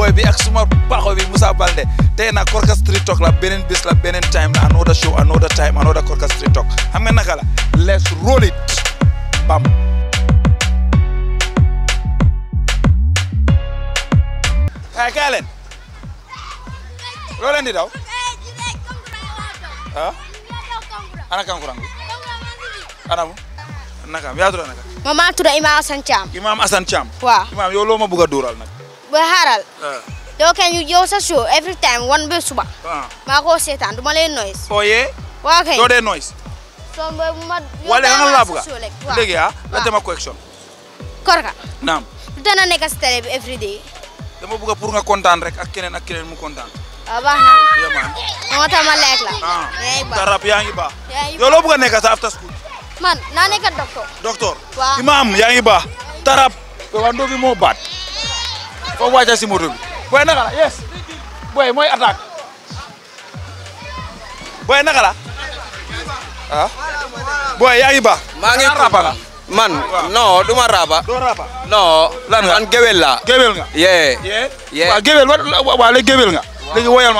boy bi ak suma paxo bi Moussa Balde tey nag Korka Street Talk la beneen bés la beneen time la another show another time another Korka Street Talk xam nga naka la let's roll it bam ay kaay leen loo leen di daw ah ana kankurang bi ana mu naka yaa tudd naka. Maman Touré Imam Assane Thiam. Imam Assane Thiam. waaw Imam yow loo ma bëgg a duural nag. ba xaaral. Uh. yow kay ñu sa show every time wan ba suba. Uh. maa ko seetaan du ma leen noise. ooyee. Oh, waaw kay doo dee noise. soo ma ma yow dama la sa show rek waaw léegi ah la dama correction. Korka. naam. du dana nekk si télé bi every day. dama bëgg pour nga kontaan rek ak keneen ak keneen mu kontaan. waaw ah, baax na. moo ma lekk la. Ah. yaa ngi baax tarap yaa ngi baax. yow loo bëgg a nekk school. man naa nekk docteur. docteur. waaw imaam yaa ngi baax. tarap. waaw ndox moo baat. foo wàccee si murung. bi booy lah, yes booy mau attaque booy naka lah. ah booy ya iba. baax. raba la man non du raba. raba lan man géwél laa. géwél Yeah. Yeah. yee waaw géwél wa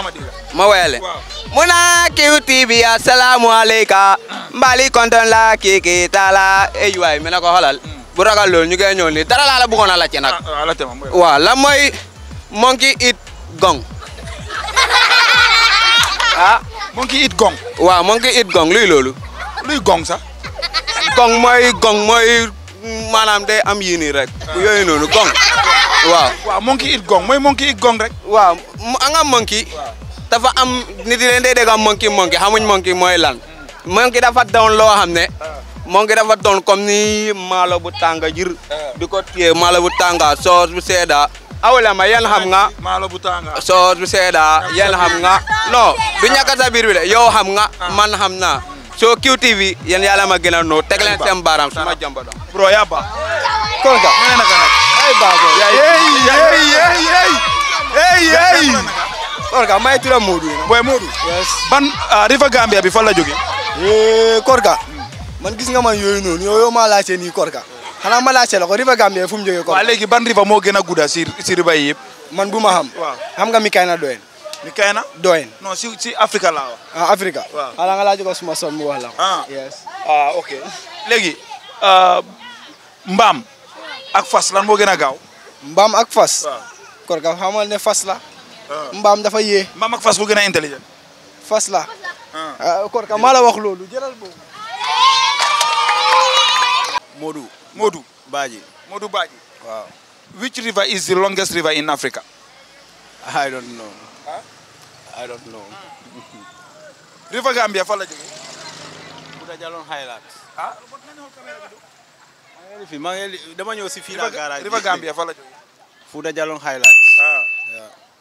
muna la kii Eh taa la. eey bu ragal loolu ñu koy ñëw nii dara la la bëggoon a laajte nag. Ah, ah laajte ma mooy. waaw lan mooy monkey eat gong. ah. monkey eat gong. waaw monkey eat gong luy loolu. luy gong sa? gong mooy gong mooy maanaam day am yii nii rek. Ah. yooyu noonu gong. waaw waaw monkey eat gong mooy monkey eat gong rek. waaw anga monkey. dafa am nit yi leen day dégg am monkey monkey xamuñ monkey mooy lan. Hmm. monkey dafa doon loo xam ne. Ah. mo ngi dafa doon comme ni malo bu tanga jir eh. diko tie malo bu tanga sauce bu seda awla ma yel xam nga malo bu tanga sauce bu seda yel xam nga non bi ñaka sa bir bi le yow xam nga ah. man xam na so qtv yen yalla ma gëna no tek len sem baram suma jamba do bro ya ba ko nga ay ba go yey yey yey yey yey yey korga may tura modu boy modu yes ban ah, River gambia bi fa la joge eh korga man gis nga man yooyu noonu yow yow maa laajte nii Korka xanaa ma laajte la ko River Gambia fu mu jógee Korka. waaw léegi ban river moo gën a gudda si si river yëpp. man bu ma xam. waaw xam nga Mikayna Doyen. Mikayna Doyen. non si si Afrique laa wax. ah Afrique. waaw mu wax la ah. Ah, ok léegi ah, mbaam ak fas lan moo gën a gaaw. mbaam ak fas. Korka fas la. mbaam dafa yee. mbaam ak fas gën a intelligent. fas la. maa la wax loolu jëlal boobu. Modou. Modou Baji. Modou Baji. Wow. Which river is the longest river in Africa? I don't know. Huh? I don't know. river Gambia fa la jógee. Budajalon Highlands. ah. maa ngi leen dama ñëw si fii la garage river Gambia fa la jógee. Fouta Jalon Highlands. ah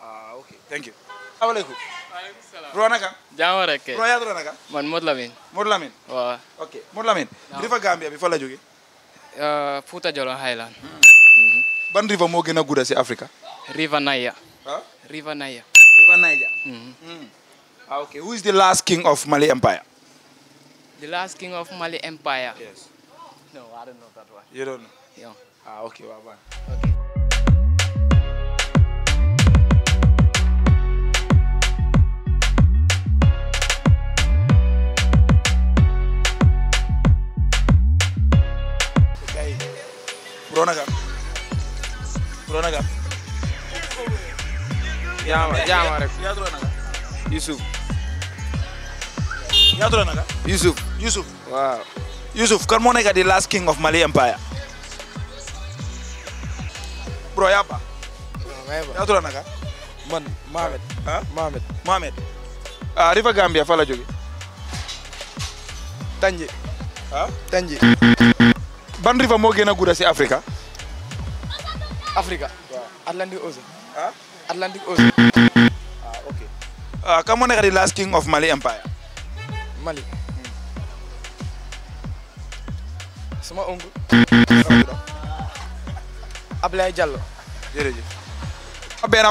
ah ok thank you. asalaamaaleykum. waaleykum salaam. Bro naka. jaamu rek. Bro yaa Bro naka. man Modou Lamine. Modou Lamine. waaw. ok Modou Lamine. river Gambia bi fa la jógee. Uh, futa Djolo Highland. Hmm. ban river moo gën a gudda si Africa. river Naya. ah river Naya. river Niger. Hmm. Hmm. ah ok who is the last king of Mali Empire. the last king of Mali Empire. yes. no I don't know that one. you don't know. yeah. ah okay waaw okay. Yusuf, yusuf yusuf yusuf waaw yusuf kan mau nekk di last king of mali empire bro yapa ya yaadura naka man mohamed mohamed mohamed ah River gambia fala la Tanji tanje ah tanje ban River mau gën a si africa africa atlantic ocean ah atlantic ocean Uh, ah, can Monega the of Mali Empire? Mali. Hmm. Sama uncle. Ablaye Diallo.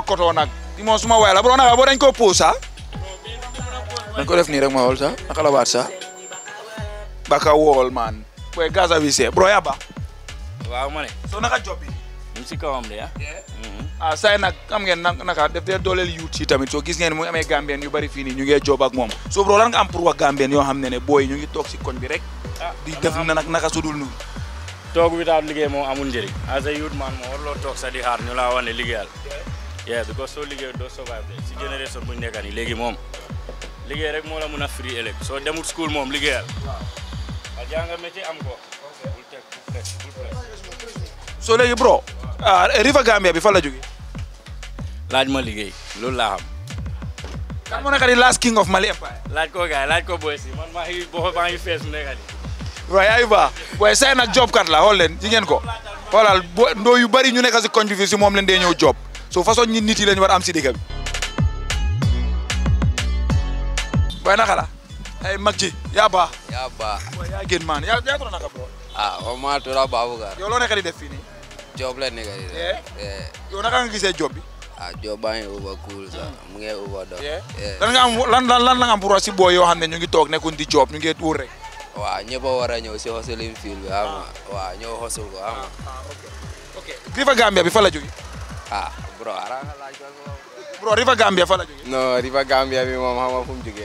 koto nag. Di moom suma waay la bu nag boo dañ ko puus sax. Ah. Dañ ko def nii rek ma xool sax naka la sax. Baka wool man. Boy Gaza wise bro yaba. So naka job bi. Mu si kawam de ah. hmm. Ah, say nak am ngeen nak def dee dooleel youth yi tamit soo gis ngeen muy amee gambien yu bari fii nii ñu ngee joob ak moom so bro lan nga am pour wax gambien yoo xam ne ne booy ñu ngi toog koñ bi rek ah, di def na nag naka sudul nu toog without liggéey moom amul njëriñ as a youth man moom warloo toog sa di xaar ñu al. wane liggéeyal yeah because so liggéey do survive de si génération buñ nekka nii mom. moom liggéey rek mo la mun a free ëllëg soo demul school mom liggéeyal waaw jàng métier am ko So teg bro Ah, riva Gambia bi fa la jógee. laaj ma liggéey lool la xam. kan mo last king of Mali Empire. laaj ko gay, laaj ko boy si man ma hi bo ba ngi fess mu nekk di. waaye aywa say nak job kat la holen leen ngeen ko holal bo yu bari ñu nekk si mom len job so façon ñi nit yi lañ war am ci dëkk bi. waaye naka ay mag ji yaa Ya, yaa baax. gën ya ya ko bro. ah Omar maa tura ah, baabu gar. Yo lo nekk di def job la nigga is yeah yow nga gisee job bi ah job baa ngi over cool sax hmm. mu ngi over dox lan nga lan lan lan la nga am pour wax si boo yoo ne ñu ngi toog nekkuñ di job ñu ngi wóor rek waaw ñëpp a war a ñëw si hustling field bi xam nga ah. waaw ñëw hustle ko ah, ah, River Gambia bi fa la jógee ah bro ara nga laaj bro River Gambia fa la bi moom nag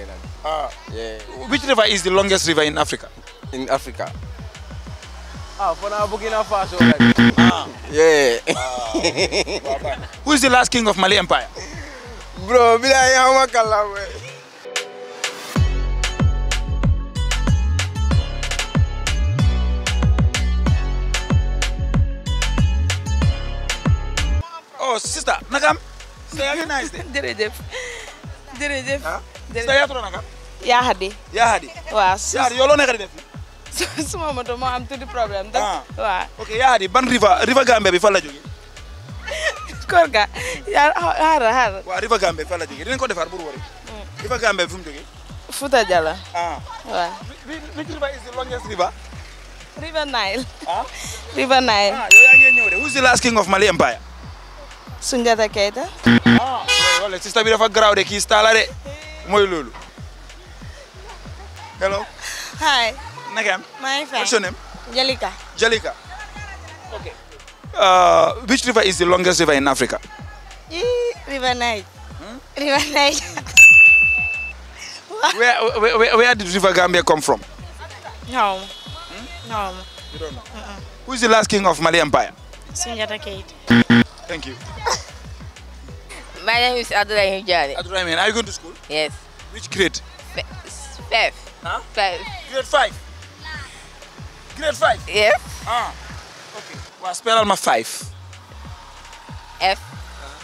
which river is the longest river in Africa in Africa Ah, for now Burkina Faso. Like. Ah. Yeah. Ah. Who is the last king of Mali Empire? Bro, bila yawa kalawe. Oh, sister, nakam. Stay again nice day. Derejef. Derejef. Stay atro nakam. Yahadi. Yahadi. Wa. you yolo nakari defi. suma motor mau am tuuti problem ah waaw. ok ya di ban river river gambe bi fan la jógee. Korka ya xaaral xaaral. Wah river gambe fan la jógee dinañ ko defar buru wari. Hmm. river gambe bi fu mu jógee. Jala. ah wah. which river is the longest river. River Nile. ah River Nile. ah yo yaa ngi de who's the last king of Mali empire. Sunjata Keita. ah wala sista bi dafa garaaw de kii star la de hello. hi. Nagam. My friend. what's your name. Jalika. Jalika. Okay. Uh, which river is the longest river in Africa? E River Nile. Hmm? River Nile. where, where, where, where did River Gambia come from? No. Hmm? No. You don't know? Uh -uh. Who is the last king of Mali Empire? Sunjata Kate. Thank you. My name is Adulaim Hujari. Adulaim, are you going to school? Yes. Which grade? F five. Huh? Five. Grade five? Grade 5? Yep. Ah, okay. Well, spell my 5. F.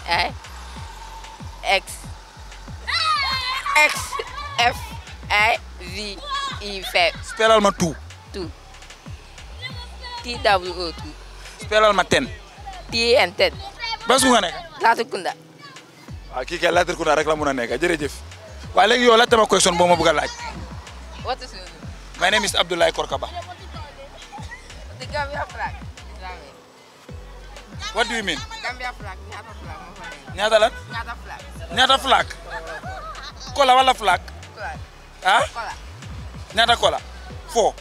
I. X. X. F. I. V. E. 5. Spell alma 2. 2. T. W. O. 2. Spell alma 10. T. N. 10. Bas ko nga nekk? Laatu kunda. Waaw ah, kii kay laatir kunda rek la mun a nekk jërëjëf. Waa léegi yow ma question boo ma bëgg a What is your name? My name is Abdullah Korkaba. The Gambia flag. What do you mean? Gambia flag, Nyata flag Nyata lan? flag. Nyata flag. Kola wala flag? Kola. Ah? Kola. Nyata kola? Four.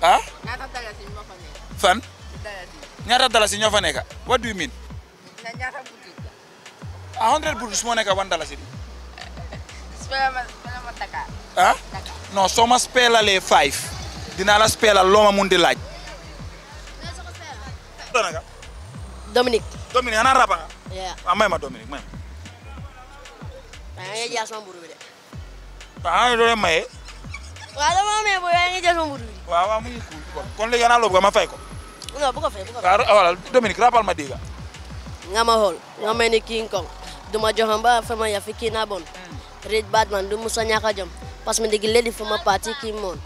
Ah? Ñaata dalasi ñoo fa nekk. Fan? Ñaata dalasi fa What do you mean? Na ñaata A hundred boutique moo one dalasi. Spela ma ma Ah? no soo ma le five dina la spela loo ma mun di e laaj. dominic dominic ana rapa nga. amay ma dominic may ay waaw sama buru bi de. waaw doo leen may wa do ma booy bo nga jël sama mburu bi. waaw waaw ya, mu ko kon le yana lo bëgg ma fay ko. no bu ko fay bu ko fay. Dominic dominic ma diga nga ma xool nga ni King Kong duma Johamba, fama ya fikina bon. Hmm. Red Batman du Musa ñàkk jom pas que mi digi leli fuma parti ki mon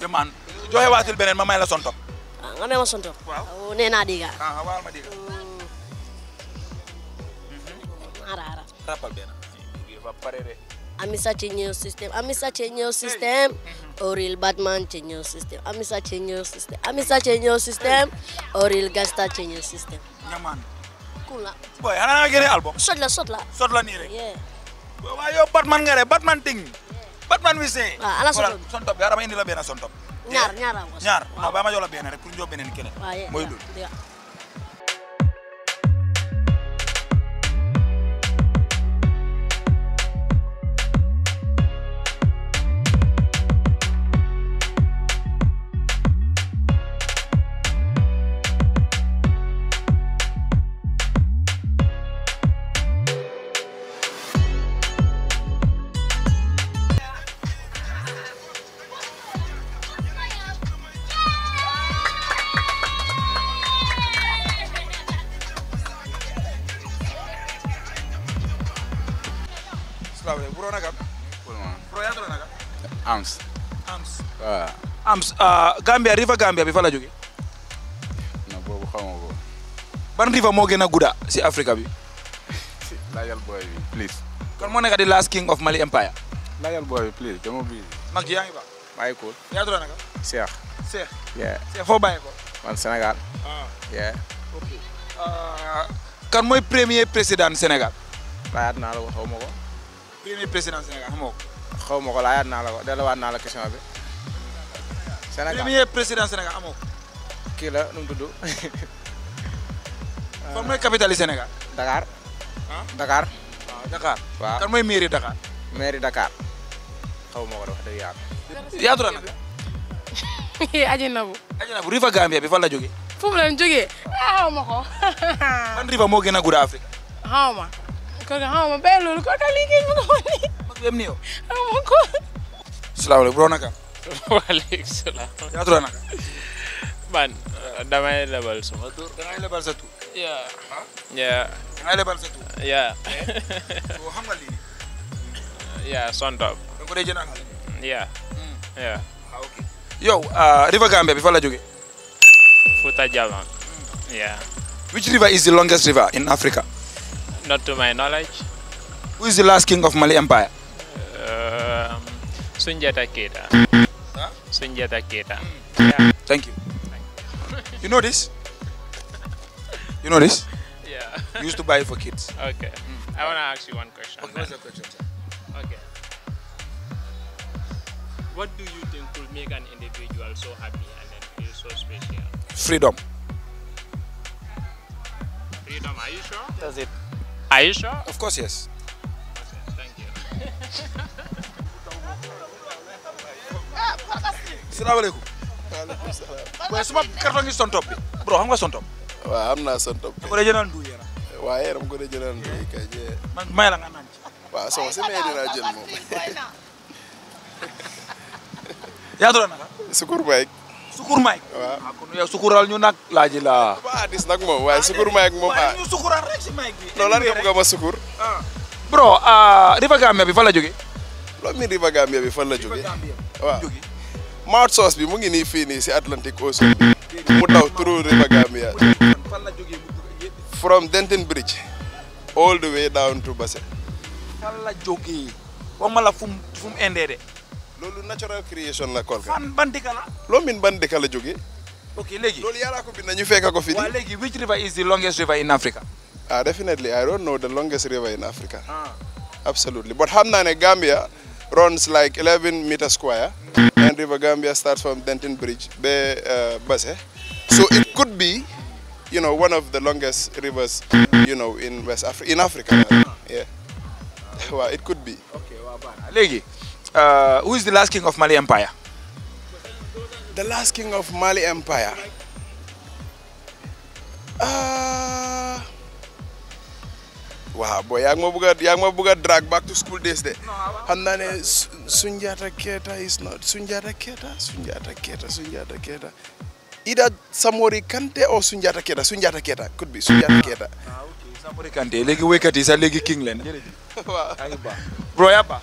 deman hmm. joxe watul benen ma may la son top ah, nga may ma son top waaw neena diga ah, ah wal ma diga hmm. ara ara mm-hmm. rappal benen va parere amisa change system amisa change system oril batman change system amisa change system amisa change system oril gangster change system nyaman kula boy ana nga gene album sot la sot la sot la ni rek yeah boy wa yo batman nga re batman ting Batman musicien. waaw ala son top son top yaa dama indi la benn son top. ñaar ñaar ñaar waaw ba ma jox la benn rek pour ñu beneen keneen. mooy loolu Traoré bro nakam bro yatoro nakam Ams Ams waaw Ams Gambia river Gambia bi fa la jóge non boobu xawma ko ban river moo gën a si Afrika bi laajal boy please kan moo nekk di last king of Mali Empire laajal boy please dama bi mag ji yaa ngi baax maa ngi cool yatoro yeah Cheikh foo bàyyi ko man Senegal. ah yeah ok ah, kan mooy premier président Senegal? laayaat naa la ko premier président Sénégal xamoo ko. xaw ma ko laajaat naa la ko delluwaat naa la question bi. Sénégal premier président Sénégal xamoo mooy capitale yi Sénégal. Dakar. ah, ah waaw kan mooy mairie Dakar. mairie Dakar. xaw ma ko wax dëgg yàlla. yaatu aji nabu. aji nabu Riva Gambia bi fu mu leen jógee. ah xaw ma ko. ban Riva moo ma. kaga ha ah, ma bello ko ka liggéey ma ini. ni dem ni yow ma ko salaamaaleykum bro naka waaleykum salaam yaa tudd Lebar satu. ya ya damay lebal ya so xam ya sondop da ko dee jënd ak ya ya okay yow river Gambia bi fa la jóge Futa Ya. which river is the longest river in Africa Not to my knowledge. Who is the last king of Mali Empire? Um, Sunjata Keita. Huh? Sunjata Keita. Mm. Yeah. Thank you. Thank you. you know this? You know this? yeah. You used to buy it for kids. Okay. Mm. I want to ask you one question. Okay, what's your question, sir? Okay. What do you think could make an individual so happy and then feel so special? Freedom. Freedom, are you sure? That's it. Are you sure? Of course, son top bro xam nga son top. waaw am naa son top. da ko dee jëndoon du yéen a. waaye dama ko dee la nga naan ci. waaw soo si may dinaa jël moom. yaa tudd Sukur Mbaye. sukur maay. waaw kon yow sukural ñu nak, laaj laa. waaw dis nag moom waaye sukur maay ak moom. waaye ñu sukural rek si maay bi. non lan nga bëgg ma sukur. bro River Gambia bi fan la jógee. loolu mi River Gambia bi fan la jógee. waaw Mouth Sauce bi mu ngi nii fii nii si Atlantic Ocean. mu daw through River Gambia. fan la from Denton Bridge all the way down to Basse. fan la jógee wax ma la fu mu loolu natural creation la fan ban dëkk la. loo min ban la ok ko bind nañu fekk ko fii. waaw which river is the longest river in Africa. ah definitely I don't know the longest river in Africa. Ah. absolutely but xam naa ne Gambia runs like 11 meters square. and river Gambia starts from Denton Bridge be uh, base so it could be you know one of the longest rivers you know in West Africa in Africa. Ah. yeah well it could be. ok waaw uh, who is the last king of Mali Empire? The last king of Mali Empire. Uh, wow, boy, yang mau buka, yang mau buka drag back to school days deh. And then Sunjata Keta is not Sunjata Keta, Sunjata Keta, Sunjata Keta. Either Samori Kante or Sunjata Keta, Sunjata Keta could be Sunjata Keta. Ah, Samori Kante. Legi wake at is a legi Kingland. Bro, ya apa?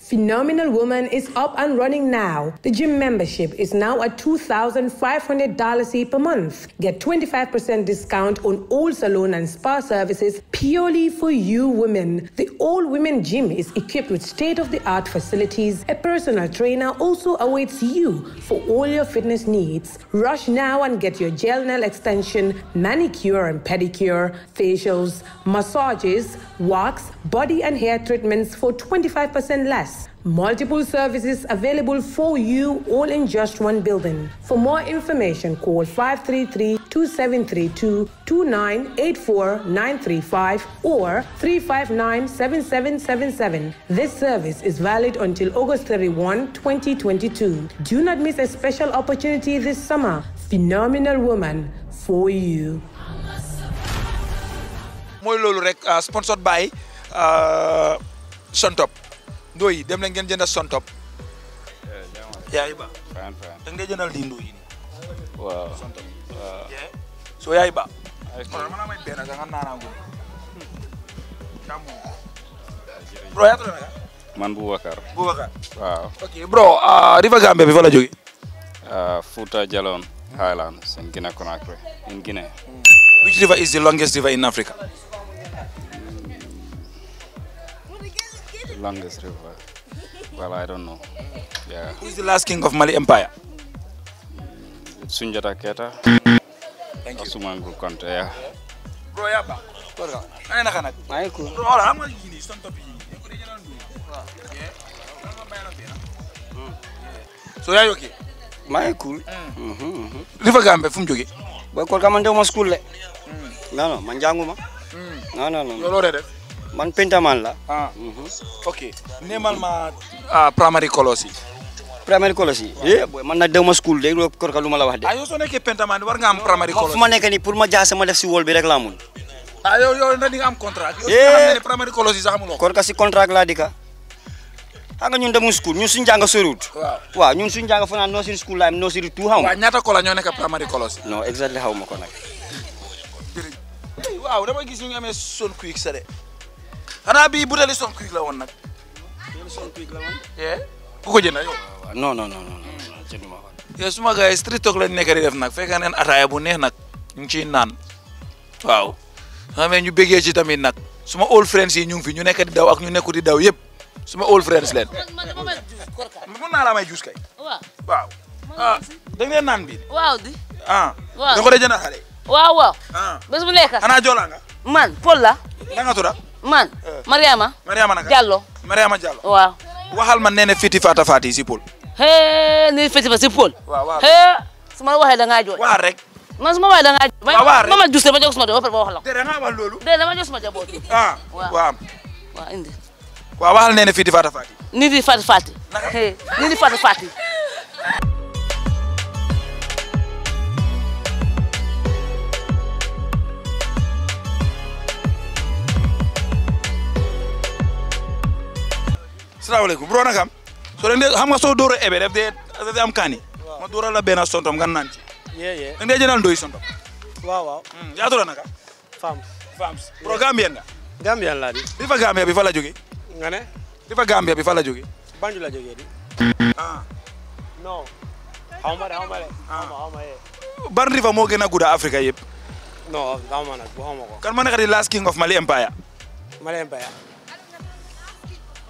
Phenomenal Woman is up and running now. The gym membership is now at $2,500 per month. Get 25% discount on all salon and spa services purely for you women. The All Women Gym is equipped with state of the art facilities. A personal trainer also awaits you for all your fitness needs. Rush now and get your gel nail extension, manicure and pedicure, facials, massages, wax, body and hair treatments for 25% less. Multiple services available for you all in just one building. For more information, call 533 2732 2984 or 359-7777. This service is valid until August 31, 2022. Do not miss a special opportunity this summer. Phenomenal woman for you. mooy loolu uh, sponsored by uh, Suntop doy dem leen ngeen jënd son top eh, yaay ba da ngay jënal di ndoy waaw son top so yaay ba kon man may ben nga nana go bro ya tole man bu wakar bu wakar waaw ok bro ah river gambe bi fa la jogi ah futa jalon highlands sen guinea conakry in guinea hmm. which river is the longest river in africa longest river. Well, I don't know. Yeah. Who is the last king of Mali Empire? Mm, it's Sunjata Keta. Thank you. Asuman Group Conte, yeah. Bro, ya, yeah, ba. Bro, I'm not gonna. I'm not gonna. Bro, I'm mm. not gonna. Stop talking. So yeah, okay. My cool. Mm -hmm. River Gambe from Jogi. But what come and do my school? Mm. No, no, Manjanguma. Mm. No, no, no. You're already man pentaman la ah. mm -hmm. ok man ma primary kolosi primary kolosi wow. eh boy man na deuma school de kor ka luma la wax de ayo so nekké pentaman war nga am primary kolosi fuma nekani pour ma jaa ma def ci wol bi rek la mun ayo yo na di nga am contrat yo primary kolosi sax amul kor ka ci contrat la dika anga ñun demu school ñun suñu jang sorout wa ñun suñu jàng no nursery school la am tu two wa ñata ko la ñoo nekk primary kolosi No, exactly Hau mako nak waaw dama gis ñu amé son quick sere xanaa bii bu dee son quick la won nak son quick la woon. ku ko jënd yo non ah, non non non jënduma ko. yow suma gars yi street talk lañ nekk di def nak fekk neen ataya bu neex nak ñu ci naan waaw. xamee ñu bëggee ci tamit nak suma old friends yi ñu fi ñu nekk di daw ak ñu nekku di daw yépp suma old friends leen. mën na la may juus kay. waaw waaw. Ah, dañ leen naan bi. waaw di. ah. waaw da ko dee jënd xale. waaw waaw. Ah. bës bu nekk. ana jola nga. man pol la. da nga tudd man eh. Mariama Mariama naka Diallo Mariama Diallo waxal ma nee na fiti faata faati si Paul hee ni fiti fa si Paul waaw waaw hee su ma la waxee da ngaa jooy waa rek ma waxee da ngaa jooy waaw ma ma juste ma jóg suma doo ba wax la ko da ngaa wax loolu de dama jóg jaboot ah waxal nee na fiti faata faati ni di faati faati hee ni faati faati assalamualaikum bro nakam so den xam nga so doro ebe def de def am kani ma doro la ben sontom gan nanti ye ye den de jenal doy sontom waaw waaw hmm, ya doro nakam fam fam bro gambia nga gambia la di difa gambia bi fa la jogi nga ne difa gambia bi fa la jogi bandu la jogi di ah no how de xawma de xawma xawma ye ban rifa mo gëna guda africa yeb no dama nak bu xamako kan kan ma di last king of mali empire mali empire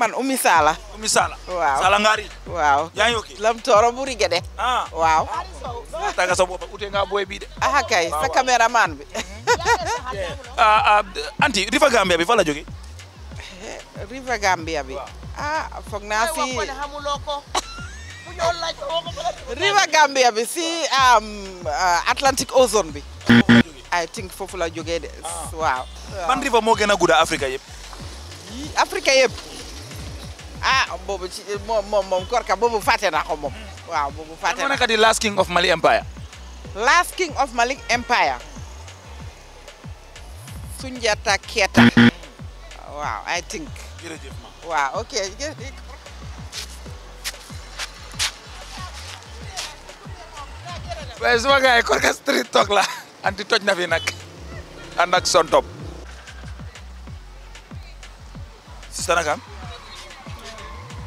man umi Sala. umi Sala. wow. Sala Ngari. waaw yaa ngi lam toro buri gede. ah waaw. tàggat sa bopp ute nga booy bii de. ah kay sa caméraman bi. ah anti River Gambia bi fa la jógee. Gambia bi. ah foog naa si. River Gambia bi si um, uh, Atlantic Ocean bi. I think foofu la jógee de. Ah. waaw. ban river moo gën a gudd Afrique Africa Afrique ah boobu ci moom moom Korka boobu fàtte naa ko waaw boobu fàtte naa ko. last king of Mali empire. last king of Mali empire. Sunjata Keita. waaw I think. waaw ok jërëjëf. waaye suma Korka street talk la. anti toj na fi nag. son top.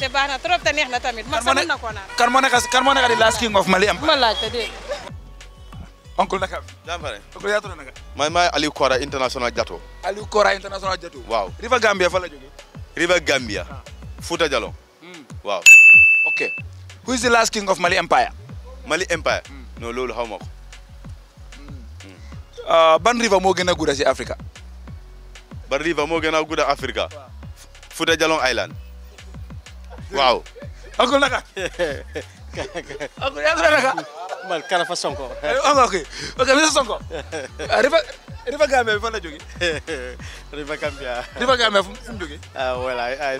te baax trop te neex na tamit. na kan moo di last king of Mali am. ¿eh? ma laajte de. oncle pare. Ya, oncle yaa tudd naka. man Aliou Kora international Jato. Aliou Kora international Jato. Wow. River Gambia fa la River Gambia. Ah. Fouta Jallow. Mm. Wow. Okay. who is the last king of Mali empire. Mali empire. Mm. No, loolu xaw ma Ah, ban river moo gën a gudda si Afrika. ban river moo gën a gudda Afrika. Ah. Fouta Jallow Island. waaw encore naka encore naka man kala fa sonko ok ok sonko rifa rifa gambe bi la jógee rifa gambia rifa gambe fu mu ah I,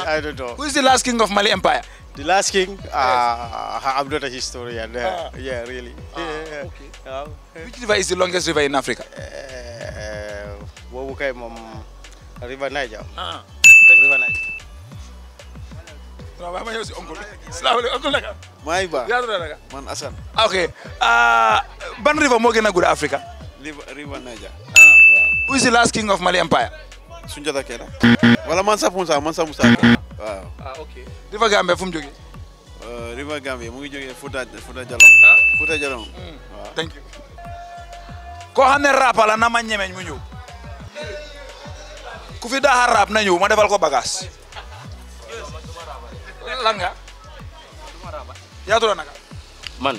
I, don't know who is the last king of Mali empire the last king ah uh, I'm not a historian uh, yeah really ah, okay uh, which river is the longest river in Africa uh, kay moom river Niger ah river Niger non waaye ma ñëw si oncle salaamaaleykum oncle naka. maa ngi baax yaa tudd naka. man Assane. ok ah, ban river moo gën a gudd Africa. river river Niger. Ah. who is the last king of Mali empire. Sunjata Keita. wala Mansa Musa Mansa Musa. waaw. ah ok river Gambia fu mu jógee. Uh, river Gambia mu ngi jógee Fouta Fouta Jalon. Ah. Fouta Jalon. Hmm. thank you. koo xam ne rap la na ma ñemeñ mu ñëw. ku fi daaxa rap na ñëw ma defal ko bagage lan nga yaa naka man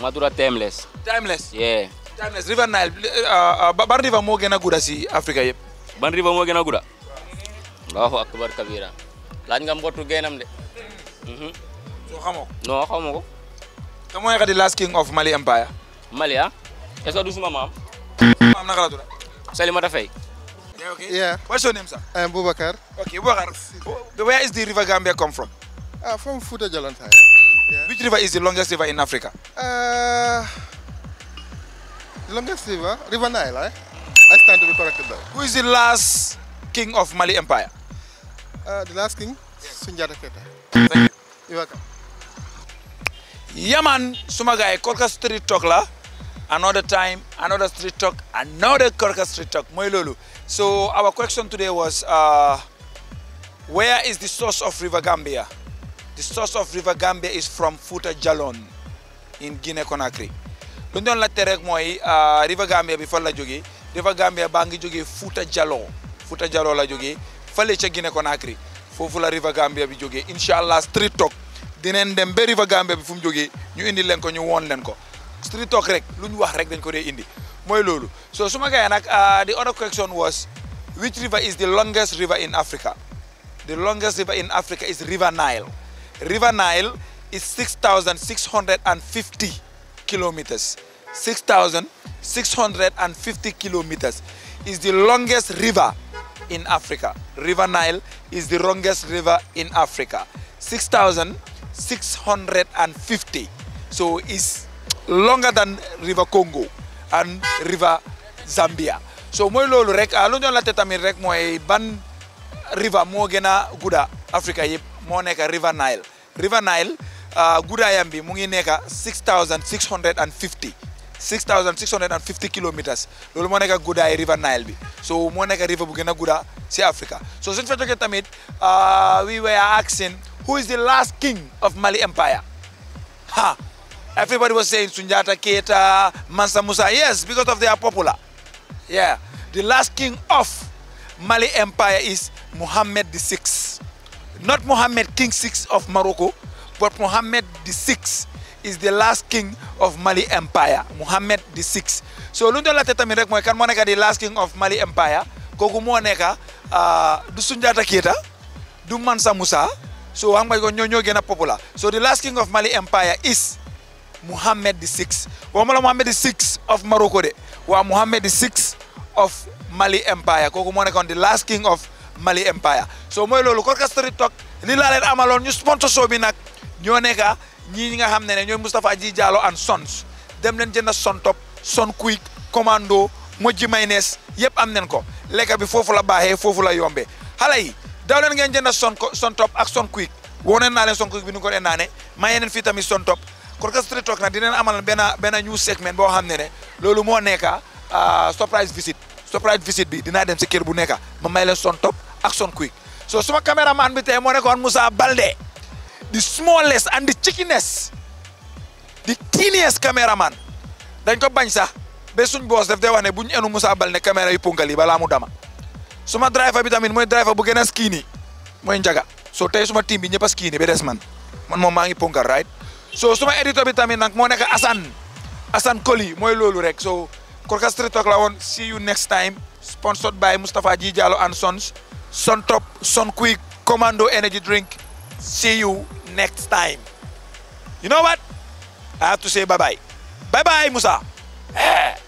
madura Timeless Timeless yeah Timeless River Nile eh, eh, eh, ban river moo gën a si Afrika yëpp ban river moo gën a gudda Allahu akbar kabira laaj nga mbottu geenam de hmm so kamu? No, kamu? Kamu ya ka mooy xadi last king of Mali Empire Mali ha ah? est-ce que du suma maam maam naka la tudd Salimata Faye Yeah, okay. Yeah. What's your name, sir? I'm Bubakar. Okay, Bubakar. Where is the River Gambia come from? Uh, from Futa Jalanthaya. Mm. Yeah. Which river is the longest river in Africa? Uh, the longest river? River Nile, eh? Hmm. I stand to be corrected there. Who is the last king of Mali Empire? Uh, the last king? Yes. Sunjata Thank you. You're welcome. Yaman, man. Sumagay, Korka Street Talk la. Another time, another street talk, another Korka Street Talk. Moilolu. So our question today was, uh, where is the source of River Gambia? the source of river Gambia is from Fouta Djallon in Guinea Conakry lu ñu doon laajte rek mooy ah, river Gambia bi fa la jógee river Gambia baa ngi jógee Fouta Djallon Fouta Djallon la jógee fële ca Guinea Conakry foofu la river Gambia bi jógee incha allah street talk dineen dem ba river Gambia bi fu mu jógee ñu indi leen ko ñu woon leen ko street talk rek lu ñu wax rek dañ ko dee indi mooy loolu so su ma nag ah, the other question was which river is the longest river in Africa the longest river in Africa River Nile is 6,650 kilometers. 6,650 kilometers is the longest river in Africa. River Nile is the longest river in Africa. 6,650. So it's longer than River Congo and River Zambia. So mooy loolu rek lu ñu doon laajte rek mooy ban river mo gën guda Africa yëpp. moo nekk River Nile River Nile ah, guddaayam bi mu ngi nekk 6650 6650 kilomètres loolu moo nekk guddaay River Nile bi so moo nekk river bu gën a gudda si Africa so suñ fa jógee tamit ah, we were asking who is the last king of Mali Empire ha everybody was saying Sunjata Keita Mansa Musa yes because of they popular yeah the last king of Mali Empire is Mohammed the Sixth Not Mohammed, King VI of Morocco, but Mohammed VI is the last king of Mali Empire, Mohammed VI. So lundo la doon mirek tamit kan moo last king of Mali Empire kooku mo neka uh, du Sunjata kita, du Mansa Musa so ang nga nyonyo ñoo popular so the last king of Mali Empire is Mohammed VI waxuma la Mohammed VI of Morocco de Wa Mohammed VI of Mali Empire kooku moo On the last king of Mali Empire so mooy loolu Korka Street Talk li laa leen amaloon ñu sponsor bi nag ñoo nekk ñii ñi nga xam ne ne ñooy Moustapha Ji jaalo and Sons dem leen jënd son top son quick commando mojji mayonnaise yëpp am nañ ko lekka bi foofu la baaxee foofu la yombe xale yi daw leen ngeen jënd son son top ak son quick woo neen naa leen son bi ni ko dee naa ne maa yeneen fii tamit son top Korka Street Talk nag dinañ amal benn benn news segment boo xam ne ne loolu moo nekk ah, surprise visit surprise visit bi dinaa dem si kër bu nekk ma may leen son top action quick so suma cameraman bi ne ko on Moussa Baldé the smallest and the chickiness the tiniest cameraman dañ ko bañ sax be suñ boss def day wax ne bu enu Moussa Baldé camera yi pongali bala mu dama suma driver bi tamit moy driver bu gëna a skinny njaga so tay suma team bi ñepp skini skinny dess man man mom ma ngi pongal right so suma editor bi tamit nag moo nekk Assane Assane Koli moy lolu rek so Korka Street Talk la won see you next time sponsored by Mustafa Ji Jallow and Sons son Top, son Quick, Commando Energy Drink. See you next time. You know what? I have to say bye-bye. Bye-bye, Musa. Eh.